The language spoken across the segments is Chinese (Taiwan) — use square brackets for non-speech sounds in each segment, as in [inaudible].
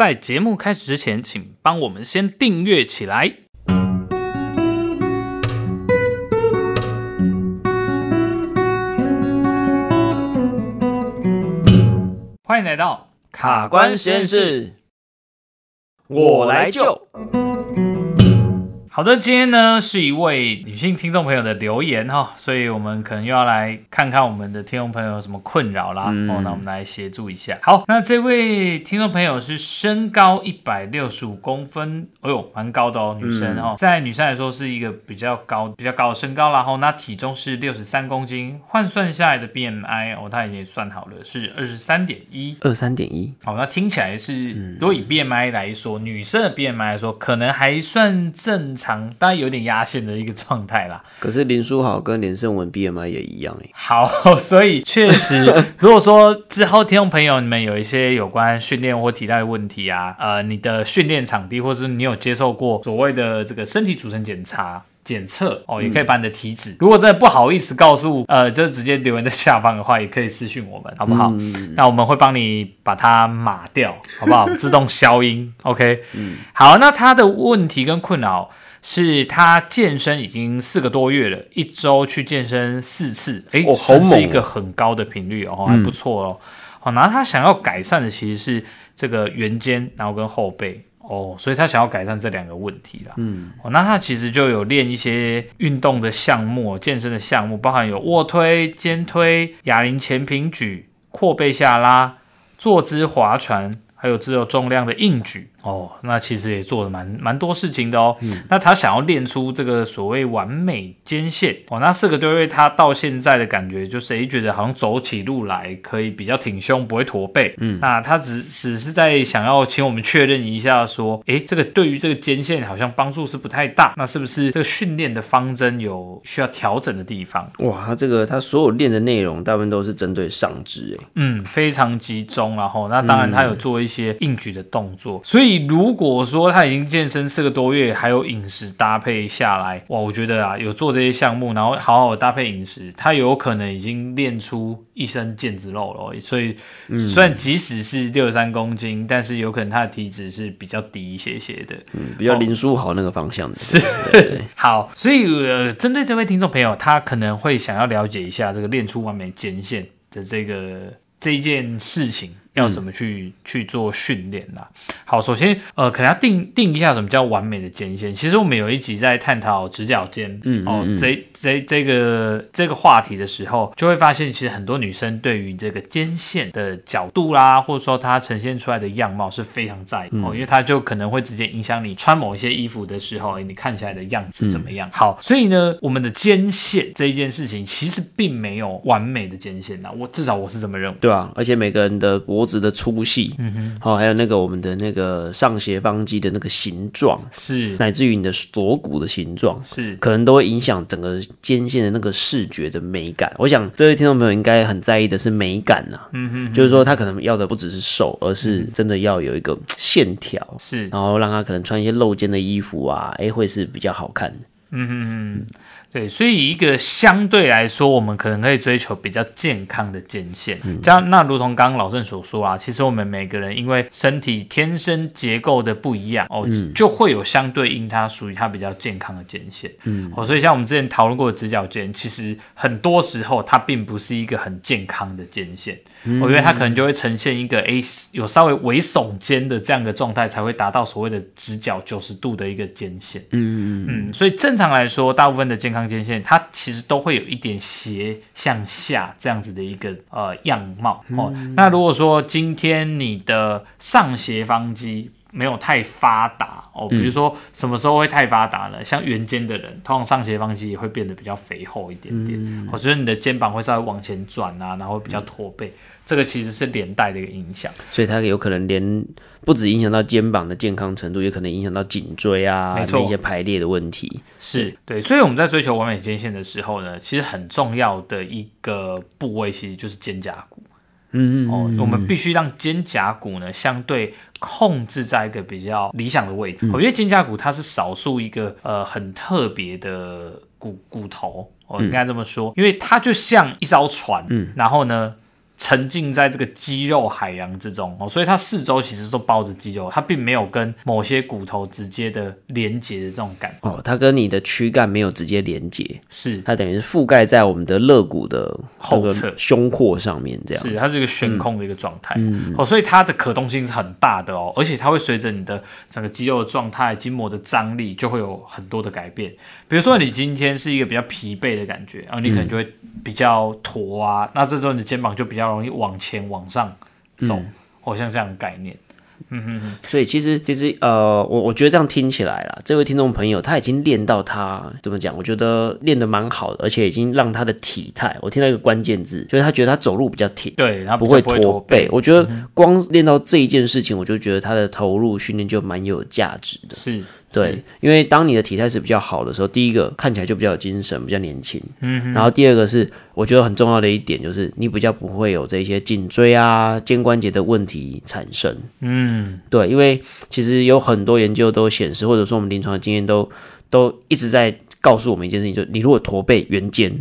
在節目開始之前，請幫我們先訂閱起來。歡迎來到卡關實驗室，我來救。好的，今天呢，是一位女性聽眾朋友的留言哈、哦，所以我們可能又要來看看我們的聽眾朋友有什麼困擾啦。嗯、哦，那我們來協助一下。好，那這位聽眾朋友是身高一百六十五公分，哦、哎、呦，蠻高的哦，女生哈、嗯哦，在女生來說是一個比較高、比較高的身高。然後那體重是六十三公斤，換算下來的 BMI 哦，她已經算好了是二十三點一，二十三點一。那聽起來是，多以 BMI 來說，女生的 BMI 來說，可能還算正。常當然有點壓線的一個狀態啦。可是林書豪跟連勝文 B M I 也一樣誒。好，所以確實，如果說之後聽眾朋友你們有一些有關訓練或體態問題啊，呃，你的訓練場地或是你有接受過所謂的這個身體組成檢查檢測哦，也可以把你的體脂，嗯、如果真的不好意思告訴，呃，就直接留言在下方的話，也可以私訊我們，好不好？嗯、那我們會幫你把它碼掉，好不好？自動消音 [laughs] ，OK？嗯，好，那他的問題跟困擾。是他健身已經四個多月了，一周去健身四次，哎、欸哦哦，是一個很高的頻率哦，嗯、還不錯哦。好、哦，那他想要改善的其實是這個圓肩，然後跟後背哦，所以他想要改善這兩個問題啦。嗯，哦，那他其實就有練一些運動的項目，健身的項目，包含有臥推、肩推、啞鈴前平舉、闊背下拉、坐姿划船，還有自由重量的硬舉。哦，那其實也做了蠻蠻多事情的哦、喔。嗯，那他想要練出這個所謂完美肩線哦，那四個多月他到現在的感覺，就是，誒、欸，覺得好像走起路來可以比較挺胸，不會駝背。嗯，那他只只是在想要請我們確認一下，說，哎、欸，這個對於這個肩線好像幫助是不太大，那是不是這個訓練的方針有需要調整的地方？哇，他這個他所有練的內容大部分都是針對上肢、欸，哎，嗯，非常集中，然後那當然他有做一些硬舉的動作，所以。如果說他已經健身四個多月，還有飲食搭配下來，哇，我覺得啊，有做這些項目，然後好好搭配飲食，他有可能已經練出一身腱子肉了、哦。所以，嗯，雖然即使是六十三公斤，但是有可能他的體脂是比較低一些些的，嗯，比較林書豪那個方向的。是對對對，好，所以，呃，針對這位聽眾朋友，他可能會想要了解一下這個練出完美肩線的這個這一件事情。要怎麼去去做訓練啦？好，首先呃，可能要定定一下什麼叫完美的肩線。其實我們有一集在探討直角肩，嗯哦，這這這個這個話題的時候，就會發現其實很多女生對於這個肩線的角度啦，或者說它呈現出來的樣貌是非常在意、嗯、哦，因為它就可能會直接影響你穿某一些衣服的時候，你看起來的樣子怎麼樣、嗯。好，所以呢，我們的肩線這一件事情，其實並沒有完美的肩線呐。我至少我是這麼認為。對啊，而且每個人的脖。直的粗細，嗯哼，好，還有那個我們的那個上斜方肌的那個形狀，是，乃至於你的鎖骨的形狀，是，可能都會影響整個肩線的那個視覺的美感。我想，這位聽眾朋友應該很在意的是美感吶、啊，嗯哼，嗯哼，就是說他可能要的不只是瘦，而是真的要有一個線條，是、嗯，然後讓他可能穿一些露肩的衣服啊，哎、欸，會是比較好看的，嗯哼嗯。嗯對，所以以一個相對來說，我們可能可以追求比較健康的肩線。嗯，那如同剛剛老鄭所說啊，其實我們每個人因為身體天生結構的不一樣哦，就會有相對應它屬於它比較健康的肩線。嗯，哦，所以像我們之前討論過的直角肩，其實很多時候它並不是一個很健康的肩線。我覺得它可能就會呈現一個、嗯欸、有稍微微聳肩的這樣的狀態，才會達到所謂的直角九十度的一個肩線。嗯嗯嗯。所以正常來說，大部分的健康肩線，它其實都會有一點斜向下這樣子的一個呃樣貌。哦、嗯，那如果說今天你的上斜方肌，沒有太發達哦，比如說什麼時候會太發達呢、嗯？像圓肩的人，通常上斜方肌也會變得比較肥厚一點點，我覺得你的肩膀會稍微往前轉啊，然後比較駝背、嗯，這個其實是連帶的一個影響。所以它有可能連不止影響到肩膀的健康程度，也可能影響到頸椎啊這些排列的問題。是對，對，所以我們在追求完美肩線的時候呢，其實很重要的一個部位其實就是肩胛骨。嗯 [noise] 哦，我們必須讓肩胛骨，呢相對控制在一個比較理想的位置。我、嗯、因為肩胛骨它是少數一個呃很特別的骨骨頭，哦，應該這麼說、嗯，因為它就像一艘船。嗯，然後呢，沉浸在這個肌肉海洋之中哦，所以它四周其實都包着肌肉，它並沒有跟某些骨頭直接的連接的這種感覺哦，它跟你的軀幹沒有直接連接，是它等於是覆蓋在我們的肋骨的後側、這個、胸廓上面這樣子，是它是一個懸空的一個狀態、嗯、哦，所以它的可動性是很大的哦，而且它會隨着你的整個肌肉的狀態、筋膜的張力，就會有很多的改變。比如說你今天是一個比較疲憊的感覺，然後、啊、你可能就會比較駝啊、嗯，那這時候你的肩膀就比較。容易往前往上走，好、嗯、像這樣的概念。嗯嗯，所以其實其實呃，我我覺得這樣聽起來啦，這位聽眾朋友他已經練到他怎麼講？我覺得練得蠻好的，而且已經讓他的體態。我聽到一個關鍵字，就是他覺得他走路比較挺，對，他不會駝背，背。我覺得光練到這一件事情，我就覺得他的投入訓練就蠻有價值的。是。對，因為當你的體態是比較好的時候，第一個看起來就比較有精神，比較年輕。嗯，然後第二個是我覺得很重要的一點就是，你比較不會有這些頸椎啊、肩關節的問題產生。嗯，對，因為其實有很多研究都顯示，或者說我們臨床經驗都都一直在告訴我們一件事情，就是你如果駝背、圓肩，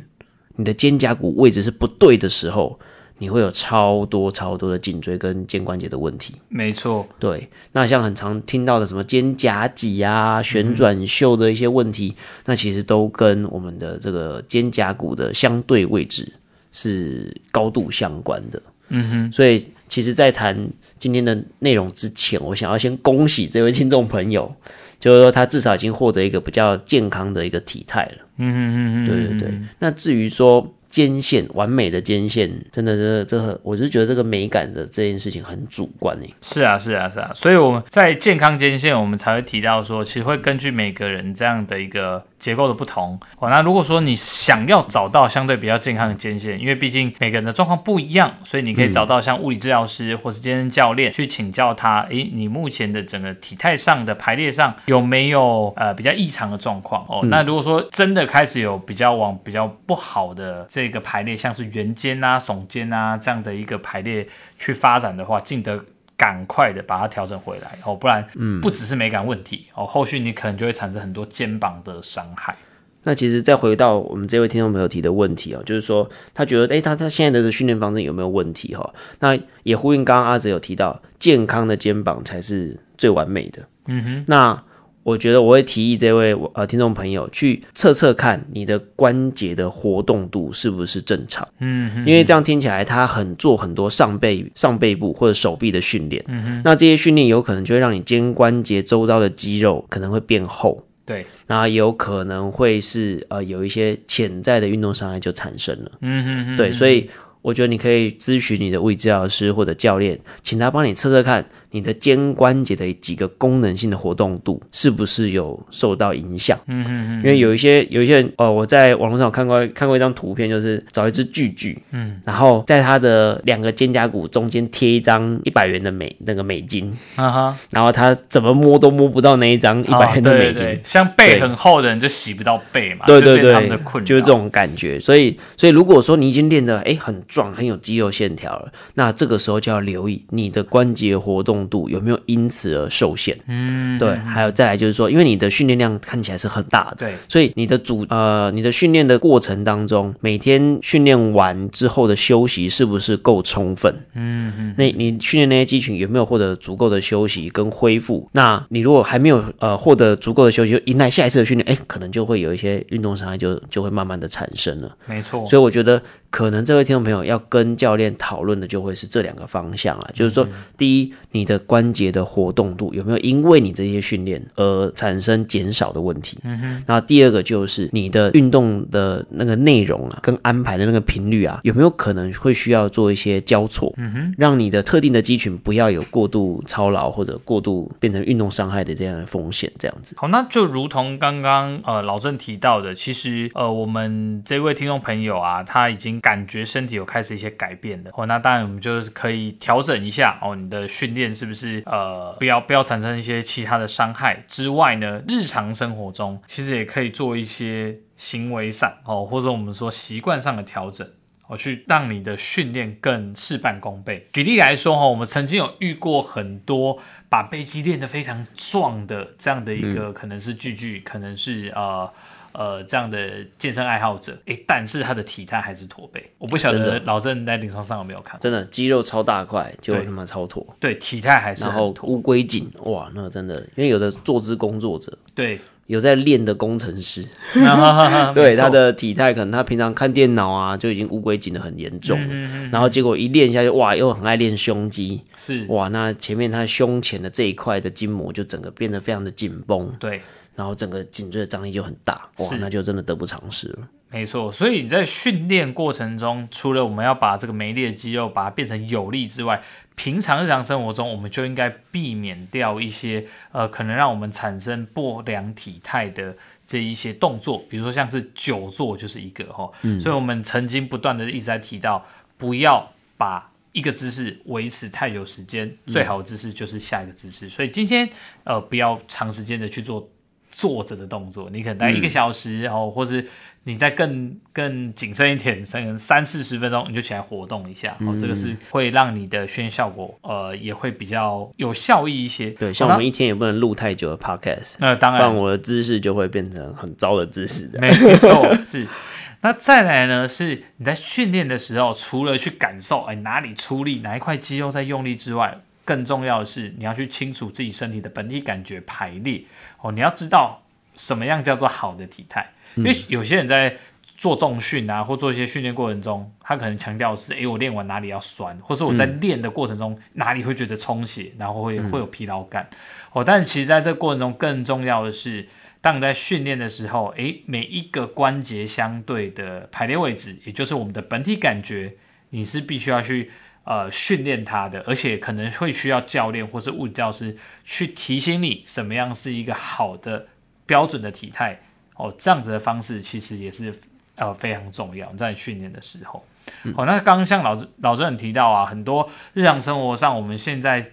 你的肩胛骨位置是不對的時候。你會有超多超多的頸椎跟肩關節的問題，沒錯。對，那像很常聽到的什麼肩胛脊啊、旋轉袖的一些問題、嗯，那其實都跟我們的這個肩胛骨的相對位置是高度相關的。嗯哼。所以，其實，在談今天的內容之前，我想要先恭喜這位聽眾朋友，就是說他至少已經獲得一個比較健康的一個體態了。嗯嗯嗯嗯，對對對。那至於說，肩線完美的肩線，真的是這，很我就覺得這個美感的這件事情很主觀誒、欸。是啊，是啊，是啊。所以我們在健康肩線，我們才會提到說，其實會根據每個人這樣的一個結構的不同哦。那如果說你想要找到相對比較健康的肩線，因為畢竟每個人的狀況不一樣，所以你可以找到像物理治療師或是健身教練去請教他，誒、嗯欸，你目前的整個體態上的排列上有沒有呃比較異常的狀況哦、嗯？那如果說真的開始有比較往比較不好的。這個排列像是圓肩啊、聳肩啊這樣的一個排列去發展的話，盡得趕快的把它調整回來哦，不然嗯不只是美感問題哦、嗯，後續你可能就會產生很多肩膀的傷害。那其實再回到我們這位聽眾朋友提的問題哦，就是說他覺得哎，他他現在的訓練方式有沒有問題哈、哦？那也呼應剛剛阿澤有提到，健康的肩膀才是最完美的。嗯哼，那。我覺得我會提議這位呃聽眾朋友去測測看你的關節的活動度是不是正常。嗯哼，因為這樣聽起來他很做很多上背、上背部或者手臂的訓練。嗯哼，那這些訓練有可能就會讓你肩關節周遭的肌肉可能會變厚。對。然後也有可能會是呃有一些潛在的運動傷害就產生了。嗯嗯嗯。對，所以我覺得你可以諮詢你的物理治療師或者教練，請他幫你測測看，你的肩關節的幾個功能性的活動度是不是有受到影響？嗯嗯嗯。因為有一些有一些人哦，我在網絡上看過看過一張圖片，就是找一隻巨巨，嗯，然後在他的兩個肩胛骨中間貼一張一百元的美那個美金，啊哈。然後他怎麼摸都摸不到那一張一百元的美金，哦對對對。像背很厚的人就洗不到背嘛。對對對，對就，就是這種感覺。所以所以如果說你已經練得哎、欸、很壯很有肌肉線條了，那這個時候就要留意你的關節活動。度有沒有因此而受限？嗯，對。還有再來就是說，因為你的訓練量看起來是很大的，對，所以你的主呃，你的訓練的過程當中，每天訓練完之後的休息是不是夠充分？嗯嗯。那你訓練那些肌群有沒有獲得足夠的休息跟恢復？那你如果還沒有呃獲得足夠的休息，就迎來下一次的訓練，哎、欸，可能就會有一些運動傷害就就會慢慢的產生了。沒錯。所以我覺得。可能這位聽眾朋友要跟教練討論的就會是這兩個方向啊，就是說，第一，你的關節的活動度有沒有因為你這些訓練而產生減少的問題？嗯哼。那第二個就是你的運動的那個內容啊，跟安排的那個頻率啊，有沒有可能會需要做一些交錯？嗯哼。讓你的特定的肌群不要有過度操勞或者過度變成運動傷害的這樣的風險，這樣子。好，那就如同剛剛呃老鄭提到的，其實呃我們這位聽眾朋友啊，他已經。感覺身體有開始一些改變的哦，那當然我們就是可以調整一下哦，你的訓練是不是呃不要不要產生一些其他的傷害之外呢？日常生活中其實也可以做一些行為上哦，或者我們說習慣上的調整，哦，去讓你的訓練更事半功倍。舉例來說哈，哦，我們曾經有遇過很多把背肌練得非常壯的這樣的一個，可能是巨巨，可能是，巨巨可能是呃……呃，這樣的健身愛好者，哎、欸，但是他的體態還是駝背。我不曉得老鄭在臨床上有沒有看，真的肌肉超大塊，就他媽超駝。對，體態還是。然後烏龜頸，哇，那個真的，因為有的坐姿工作者，對，有在練的工程師， [laughs] [laughs] [laughs] 對他的體態，可能他平常看電腦啊，就已經烏龜頸的很嚴重了。嗯嗯嗯，然後結果一練下去，就哇，又很愛練胸肌，是哇，那前面他胸前的這一塊的筋膜就整個變得非常的緊繃，對。然後整個頸椎的張力就很大，哇，那就真的得不償失了。沒錯，所以你在訓練過程中，除了我們要把這個沒力的肌肉把它變成有力之外，平常日常生活中我們就應該避免掉一些呃可能讓我們產生不良體態的這一些動作，比如說像是久坐就是一個哦。嗯，所以我們曾經不斷的一直在提到，不要把一個姿勢維持太久時間，最好的姿勢就是下一個姿勢。嗯。所以今天呃不要長時間的去做，坐着的動作，你可能待一個小時然後、嗯哦、或是你再更更謹慎一點，三三四十分鐘你就起來活動一下，哦，嗯、這個是會讓你的訓練效果呃也會比較有效益一些。對，像我們一天也不能錄太久的 podcast，哦、那、呃、當然，然我的姿勢就會變成很糟的姿勢。沒錯，是。 [laughs] 那再來呢，是你在訓練的時候，除了去感受哎哪裡出力，哪一塊肌肉在用力之外。更重要的是，你要去清楚自己身體的本體感覺排列哦。你要知道什麼樣叫做好的體態、嗯，因為有些人在做重訓啊，或做一些訓練過程中，他可能強調是：誒，我練完哪裡要酸，或是我在練的過程中、嗯、哪裡會覺得充血，然後會、嗯、會有疲勞感哦。但其實，在這過程中，更重要的是，當你在訓練的時候，誒，每一個關節相對的排列位置，也就是我們的本體感覺，你是必須要去。呃，訓練他的，而且可能會需要教練或是物理教師去提醒你什麼樣是一個好的標準的體態哦。這樣子的方式其實也是呃非常重要，在訓練的時候、嗯。哦，那剛剛像老鄭老鄭很提到啊，很多日常生活上我們現在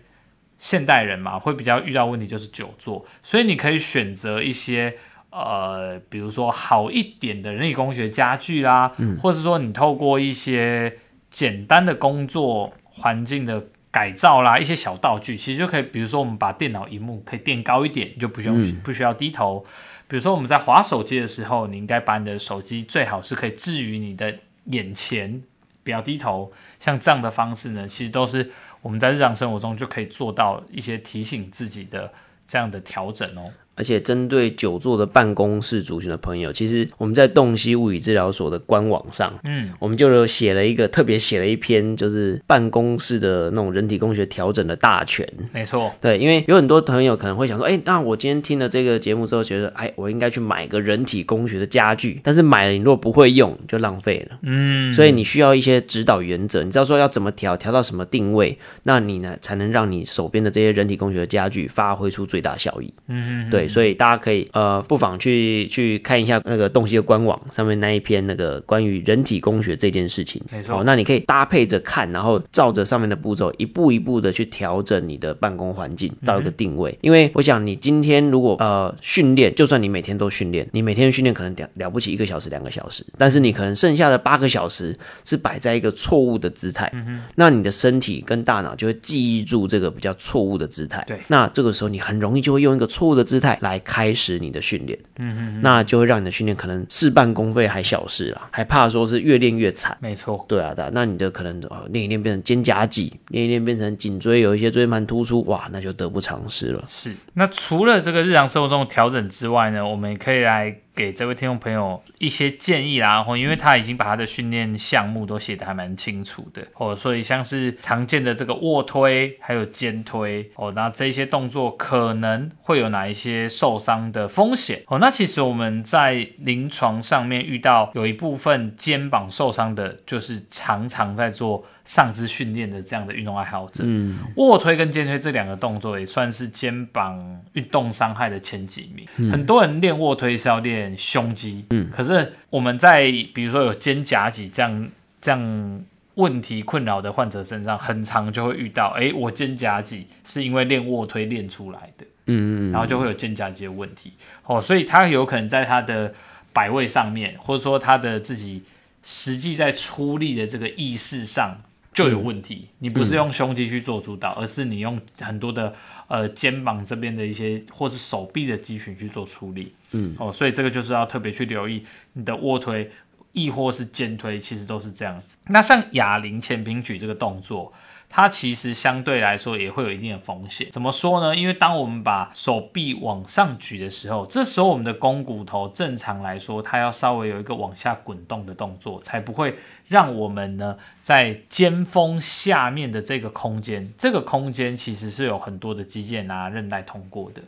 現代人嘛，會比較遇到問題就是久坐，所以你可以選擇一些呃，比如說好一點的人體工學家具啊，嗯、或者是說你透過一些。簡單的工作環境的改造啦，一些小道具其實就可以，比如說我們把電腦螢幕可以墊高一點，就不用不需要低頭，嗯。比如說我們在滑手機的時候，你應該把你的手機最好是可以置於你的眼前，不要低頭。像這樣的方式呢，其實都是我們在日常生活中就可以做到一些提醒自己的這樣的調整哦。而且針對久坐的辦公室族群的朋友，其實我們在動晰物理治療所的官網上，嗯，我們就有寫了一個特別寫了一篇，就是辦公室的那種人體工學調整的大全。沒錯，對，因為有很多朋友可能會想說，哎，那我今天聽了這個節目之後，覺得，哎，我應該去買個人體工學的家具，但是買了你若不會用，就浪費了。嗯，所以你需要一些指導原則，你知道說要怎麼調，調到什麼定位，那你呢才能讓你手邊的這些人體工學的家具發揮出最大效益。嗯嗯，對。所以大家可以呃不妨去去看一下那個動晰的官網上面那一篇那個關於人體工學這件事情。沒錯。哦，那你可以搭配着看，然後照着上面的步驟一步一步的去調整你的辦公環境到一個定位。嗯。因為我想你今天如果呃訓練，就算你每天都訓練，你每天訓練可能了，了不起一個小時、兩個小時，但是你可能剩下的八個小時是擺在一個錯誤的姿態，嗯哼，那你的身體跟大腦就會記憶住這個比較錯誤的姿態。對。那這個時候你很容易就會用一個錯誤的姿態，來開始你的訓練，嗯哼哼，那就會讓你的訓練可能事半功倍還小事啦，還怕說是越練越慘，沒錯，對啊，對啊，那你的可能、哦、練一練變成肩夾擠，練一練變成頸椎有一些椎盤突出，哇，那就得不償失了。是，那除了這個日常生活中的調整之外呢，我們也可以來。給這位聽眾朋友一些建議啦，因為他已經把他的訓練項目都寫得還蠻清楚的，哦，所以像是常見的這個臥推，還有肩推，哦，那這些動作可能會有哪一些受傷的風險？哦，那其實我們在臨床上面遇到有一部分肩膀受傷的，就是常常在做。上肢訓練的這樣的運動愛好者，嗯，臥推跟肩推這兩個動作也算是肩膀運動傷害的前幾名。嗯、很多人練臥推是要練胸肌，嗯，可是我們在比如說有肩胛肌這樣這樣問題困擾的患者身上，很常就會遇到，哎、欸，我肩胛肌是因為練臥推練出來的，嗯，嗯，嗯，然後就會有肩胛肌的問題。哦，所以他有可能在他的擺位上面，或者說他的自己實際在出力的這個意識上。就有問題、嗯，你不是用胸肌去做主導，嗯、而是你用很多的呃肩膀這邊的一些，或是手臂的肌群去做處理。嗯，哦，所以這個就是要特別去留意你的臥推，亦或是肩推，其實都是這樣子。那像啞鈴前平舉這個動作。它其實相對來說也會有一定的風險，怎麼說呢？因為當我們把手臂往上舉的時候，這時候我們的肱骨頭正常來說，它要稍微有一個往下滾動的動作，才不會讓我們呢在肩峰下面的這個空間，這個空間其實是有很多的肌腱啊、韌帶通過的。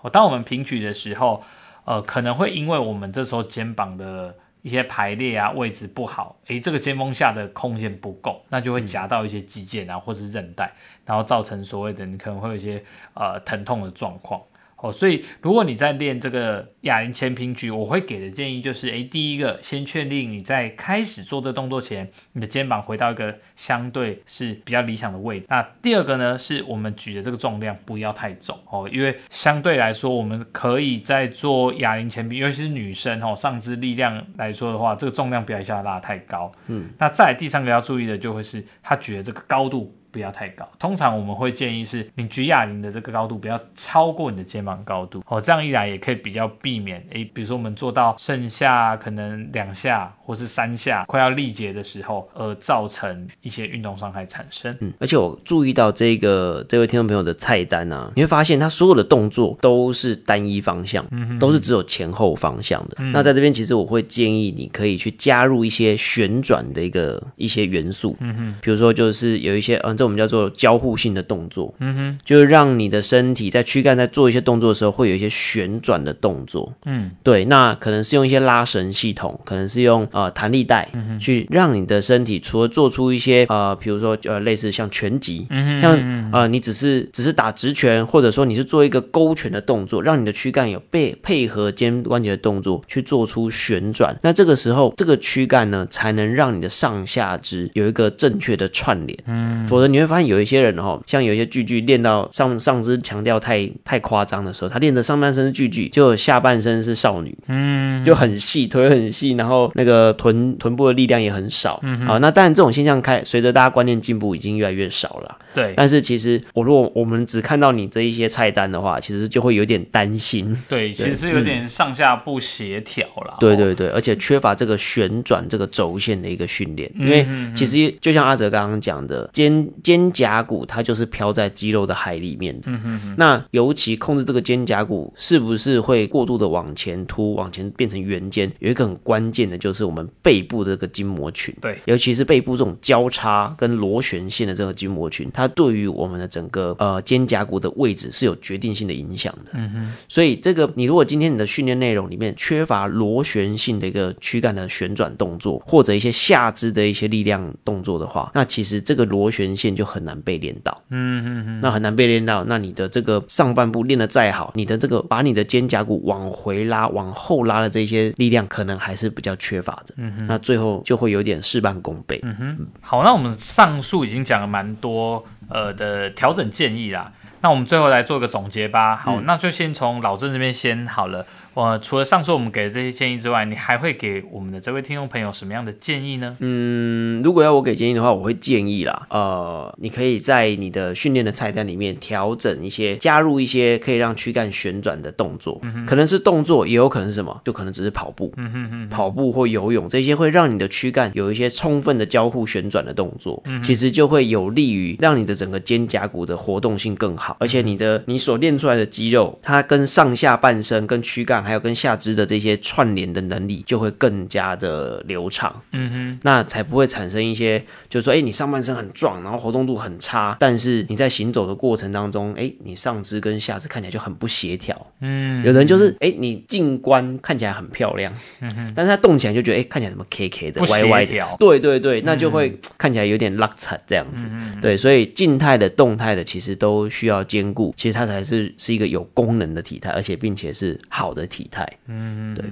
哦，當我們平舉的時候，呃，可能會因為我們這時候肩膀的一些排列啊，位置不好，誒，這個肩峰下的空間不夠，那就會夾到一些肌腱啊、嗯，或是韌帶，然後造成所謂的你可能會有一些呃疼痛的狀況。哦，所以如果你在練這個啞鈴前平舉，我會給的建議就是，哎，第一個先確定你在開始做這動作前，你的肩膀回到一個相對是比較理想的位置。那第二個呢，是我們舉的這個重量不要太重哦，因為相對來說，我們可以在做啞鈴前平，尤其是女生哦，上肢力量來說的話，這個重量不要一下拉太高。嗯，那再來第三個要注意的就會是，他舉的這個高度。不要太高。通常我們會建議是，你舉啞鈴的這個高度不要超過你的肩膀高度哦。這樣一來，也可以比較避免誒，比如說我們做到剩下可能兩下或是三下，快要力竭的時候，而造成一些運動傷害產生。嗯，而且我注意到這個這位聽眾朋友的菜單啊，你會發現他所有的動作都是單一方向，嗯哼，都是只有前後方向的。嗯、那在這邊，其實我會建議你可以去加入一些旋轉的一個一些元素，嗯哼，比如說就是有一些嗯這。啊我們叫做交互性的動作，嗯哼，就讓你的身體在軀幹在做一些動作的時候，會有一些旋轉的動作，嗯，對，那可能是用一些拉繩系統，可能是用呃彈力帶。嗯去讓你的身體，除了做出一些呃，比如說呃，類似像拳擊，像呃，你只是只是打直拳，或者說你是做一個勾拳的動作，讓你的軀幹有被配合肩關節的動作去做出旋轉。那這個時候，這個軀幹呢，才能讓你的上下肢有一個正確的串聯。嗯，否則你會發現有一些人哦，像有一些巨巨練到上上肢強調太太誇張的時候，他練的上半身是巨巨，就下半身是少女，嗯，就很細，腿很細，然後那個臀臀部的力。力量也很少，嗯，好、呃，那當然這種現象開隨着大家觀念進步已經越來越少了，對，但是其實我如果我們只看到你這一些菜單的話，其實就會有點擔心，對，對，其實有點上下不協調了，對對對，而且缺乏這個旋轉這個軸線的一個訓練，嗯，因為其實就像阿澤剛剛講的，肩肩胛骨它就是飄在肌肉的海裡面的，嗯哼，哼，那尤其控制這個肩胛骨是不是會過度的往前凸，往前變成圓肩，有一個很關鍵的就是我們背部的這個。筋膜群，對，尤其是背部這種交叉跟螺旋線的這個筋膜群，它對於我們的整個呃肩胛骨的位置是有決定性的影響的。嗯哼，所以這個你如果今天你的訓練內容裡面缺乏螺旋性的一個軀幹的旋轉動作，或者一些下肢的一些力量動作的話，那其實這個螺旋線就很難被練到。嗯哼，那很難被練到，那你的這個上半部練得再好，你的這個把你的肩胛骨往回拉、往後拉的這些力量可能還是比較缺乏的。嗯哼，那最後。就會有點事半功倍。嗯哼，好，那我們上述已經講了蠻多，呃的調整建議啦。那我們最後來做一個總結吧。好，嗯、那就先從老鄭這邊先好了。哇，除了上述我們給的這些建議之外，你還會給我們的這位聽眾朋友什麼樣的建議呢？嗯，如果要我給建議的話，我會建議啦，呃，你可以在你的訓練的菜單裡面調整一些，加入一些可以讓軀幹旋轉的動作，嗯、可能是動作，也有可能是什麼，就可能只是跑步，嗯嗯嗯，跑步或游泳這些，會讓你的軀幹有一些充分的交互旋轉的動作，嗯，其實就會有利於讓你的整個肩胛骨的活動性更好，嗯、而且你的你所練出來的肌肉，它跟上下半身跟軀幹。還有跟下肢的這些串聯的能力就會更加的流暢，嗯哼，那才不會產生一些，就是說，哎、欸，你上半身很壯，然後活動度很差，但是你在行走的過程當中，哎、欸，你上肢跟下肢看起來就很不協調，嗯，有的人就是，哎、欸，你靜觀看起來很漂亮，嗯哼，但是他動起來就覺得，哎、欸，看起來什麼 K K 的歪歪的，對對對、嗯，那就會看起來有點拉扯這樣子，對，所以靜態的、動態的其實都需要兼顧，其實它才是是一個有功能的體態，而且並且是好的體態。體態，嗯，對，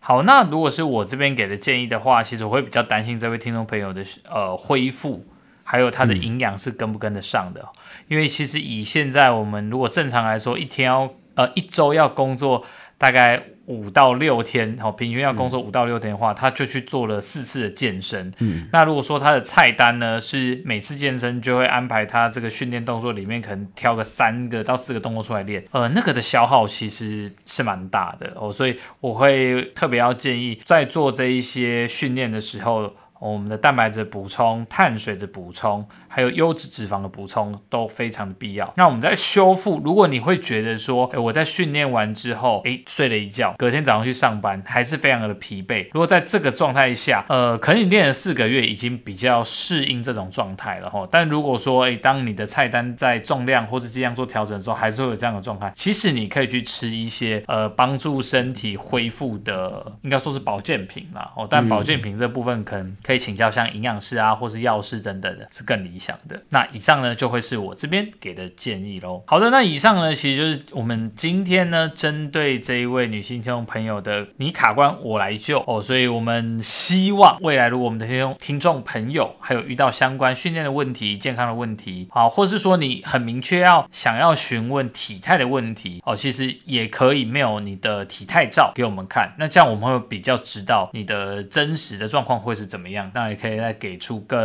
好。那如果是我這邊給的建議的話，其實我會比較擔心這位聽眾朋友的呃恢復，還有他的營養是跟不跟得上的、嗯。因為其實以現在我們如果正常來說，一天要呃一周要工作大概。五到六天，平均要工作五到六天的話，嗯，他就去做了四次的健身。嗯，那如果說他的菜單呢，是每次健身就會安排他這個訓練動作裡面可能挑個三個到四個動作出來練，呃，那個的消耗其實是蠻大的哦，所以我會特別要建議，在做這一些訓練的時候。我們的蛋白質補充、碳水的補充，還有優質脂肪的補充都非常的必要。那我們在修復，如果你會覺得說，欸、我在訓練完之後，誒、欸，睡了一覺，隔天早上去上班還是非常的疲憊。如果在這個狀態下，呃，可能你練了四個月已經比較適應這種狀態了哦。但如果說，誒、欸，當你的菜單在重量或是劑量做調整的時候，還是會有這樣的狀態。其實你可以去吃一些呃幫助身體恢復的，應該說是保健品啦。哦，但保健品這部分可能可請教像營養師啊，或是藥師等等的，是更理想的。那以上呢，就會是我這邊給的建議嘍。好的，那以上呢，其實就是我們今天呢，針對這一位女性聽眾朋友的你卡關我來救哦。所以我們希望未來如果我們的聽眾聽眾朋友還有遇到相關訓練的問題、健康的問題，好，或是說你很明確要想要詢問體態的問題哦，其實也可以 mail 你的體態照給我們看，那這樣我們會比較知道你的真實的狀況會是怎麼樣。那也可以再給出更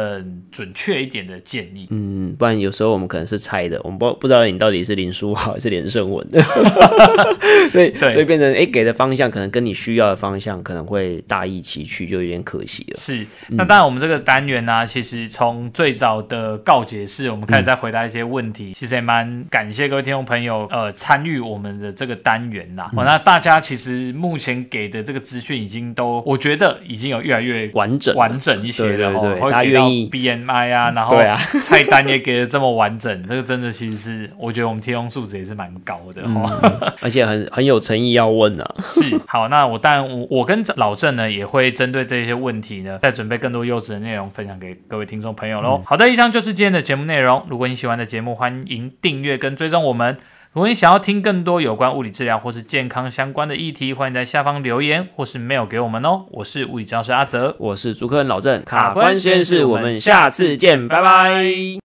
準確一點的建議。嗯，不然有時候我們可能是猜的，我們不不知道你到底是林書豪還是連勝文的，所 [laughs] 以 [laughs] 所以變成哎、欸、給的方向可能跟你需要的方向可能會大異其趣，就有點可惜了。是，那當然我們這個單元呢、啊嗯，其實從最早的告解室我們開始在回答一些問題，嗯、其實也蠻感謝各位聽眾朋友呃參與我們的這個單元啦、啊嗯。那大家其實目前給的這個資訊已經都，我覺得已經有越來越完,完整完。整一些的哦，他、啊、願意 BMI 啊，然後菜單也給得這麼完整，啊、 [laughs] 這個真的其實是我覺得我們聽眾素質也是蠻高的、哦，嗯嗯 [laughs] 而且很很有誠意要問啊。是，好，那我當然，我我跟老鄭呢也會針對這些問題呢，再準備更多優質的內容分享給各位聽眾朋友嘍、嗯。好的，以上就是今天的節目內容。如果你喜歡的節目，歡迎訂閱跟追蹤我們。如果你想要聽更多有關物理治療或是健康相關的議題，歡迎在下方留言或是 mail 給我們哦。我是物理治療師阿澤，我是主持人老鄭，卡關實驗室，我們下次見，拜拜。